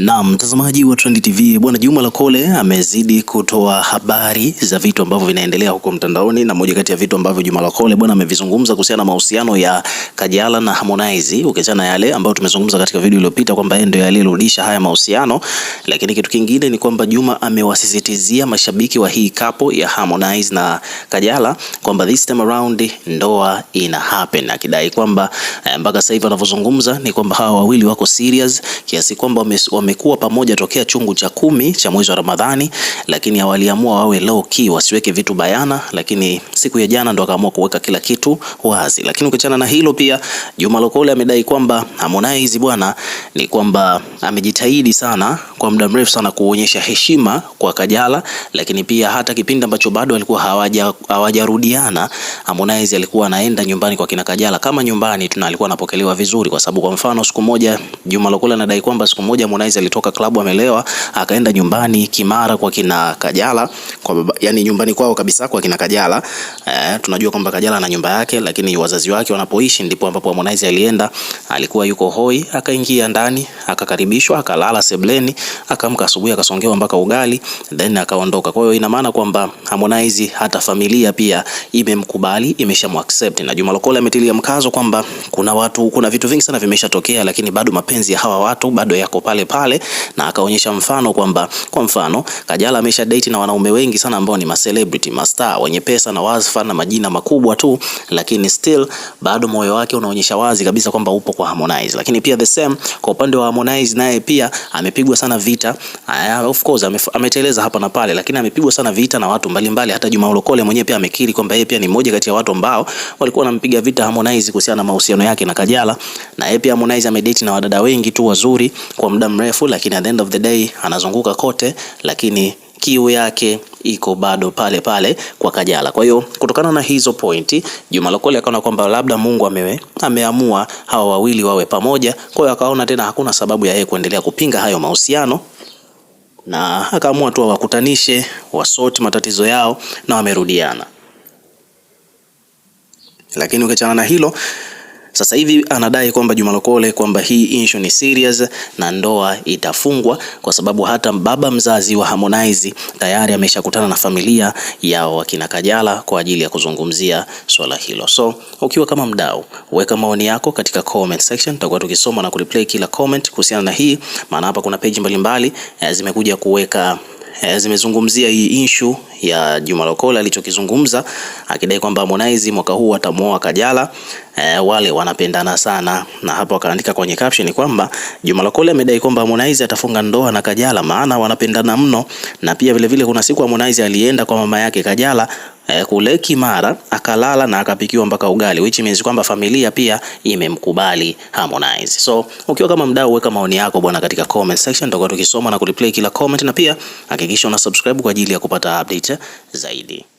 Na mtazamaji wa Trend TV, bwana Juma Lokole amezidi kutoa habari za vitu ambavyo vinaendelea huko mtandaoni, na moja kati ya vitu ambavyo Juma Lokole bwana amevizungumza kuhusiana na mahusiano ya Kajala na Harmonize, ukiachana yale ambayo tumezungumza katika video iliyopita kwamba yeye ndio aliyerudisha haya mahusiano, lakini kitu kingine ni kwamba Juma amewasisitizia mashabiki wa hii kapo ya Harmonize na Kajala kwamba this time around ndoa ina happen, akidai kwamba eh, mpaka sasa hivi anavyozungumza ni kwamba hawa wawili wako serious kiasi kwamba wame wamekuwa pamoja tokea chungu cha kumi cha mwezi wa Ramadhani, lakini waliamua wawe low key, wasiweke vitu bayana, lakini siku ya jana ndo akaamua kuweka kila kitu wazi. Lakini ukiachana na hilo, pia Juma Lokole amedai kwamba Harmonize bwana ni kwamba amejitahidi sana kwa muda mrefu sana kuonyesha heshima kwa Kajala, lakini pia hata kipindi ambacho bado alikuwa hawajarudiana hawaja hawajarudiana, Harmonize alikuwa anaenda nyumbani kwa kina Kajala kama nyumbani tuna, alikuwa anapokelewa vizuri, kwa sababu kwa mfano siku moja Juma Lokole anadai kwamba siku moja Harmonize alitoka klabu amelewa, akaenda nyumbani Kimara kwa kina Kajala kwa baba, yani nyumbani kwao kabisa kwa kina Kajala. Eh, tunajua kwamba Kajala ana nyumba yake, lakini wazazi wake wanapoishi ndipo ambapo Harmonize alienda, alikuwa yuko hoi, akaingia ndani, akakaribishwa, akalala sebleni, akaamka asubuhi, akasongewa mpaka ugali then akaondoka. Kwa hiyo ina maana kwamba Harmonize hata familia pia imemkubali, imeshamwaccept na Juma Lokole ametilia mkazo kwamba kuna watu, kuna vitu vingi sana vimeshatokea, lakini bado mapenzi ya hawa watu bado yako pale pale pale na akaonyesha mfano kwamba kwa mfano Kajala amesha date na wanaume wengi sana ambao ni ma celebrity, ma star, wenye pesa na wazifa na majina makubwa tu, lakini still bado moyo wake unaonyesha wazi kabisa kwamba upo kwa Harmonize. Lakini pia the same kwa upande wa Harmonize, naye pia amepigwa sana vita. Of course ameteleza hapa na pale, lakini amepigwa sana vita na watu mbalimbali mbali. Hata Juma Ulokole mwenyewe pia amekiri kwamba yeye pia ni mmoja kati ya watu ambao walikuwa wanampiga vita Harmonize kuhusiana na mahusiano yake na Kajala, na yeye pia Harmonize amedate na wadada wengi tu wazuri kwa muda mrefu mrefu, lakini at the end of the day anazunguka kote, lakini kiu yake iko bado pale pale kwa Kajala. Kwa hiyo kutokana na hizo pointi, Juma Lokole akaona kwamba labda Mungu amewe, ameamua hawa wawili wawe pamoja. Kwa hiyo akaona tena hakuna sababu ya yeye kuendelea kupinga hayo mahusiano na akaamua tu awakutanishe wasoti matatizo yao na wamerudiana. Lakini ukiachana na hilo sasa hivi anadai kwamba Juma Lokole kwamba hii issue ni serious na ndoa itafungwa kwa sababu hata baba mzazi wa Harmonize tayari ameshakutana na familia yao wakina Kajala kwa ajili ya kuzungumzia swala hilo. So ukiwa kama mdau, weka maoni yako katika comment section, tutakuwa tukisoma na kureplay kila comment kuhusiana na hii, maana hapa kuna page mbalimbali mbali, eh, zimekuja kuweka Eh, zimezungumzia hii issue ya Juma Lokola alichokizungumza, akidai kwamba Harmonize mwaka huu atamuoa Kajala, e, wale wanapendana sana. Na hapo akaandika kwenye caption kwamba Juma Lokola amedai kwamba Harmonize atafunga ndoa na Kajala maana wanapendana mno, na pia vilevile kuna siku Harmonize alienda kwa mama yake Kajala Eh, kule Kimara akalala na akapikiwa mpaka ugali, which means kwamba familia pia imemkubali Harmonize. So ukiwa kama mdau, weka maoni yako bwana katika comment section, tutakuwa tukisoma na kureplay kila comment, na pia hakikisha una subscribe kwa ajili ya kupata update zaidi.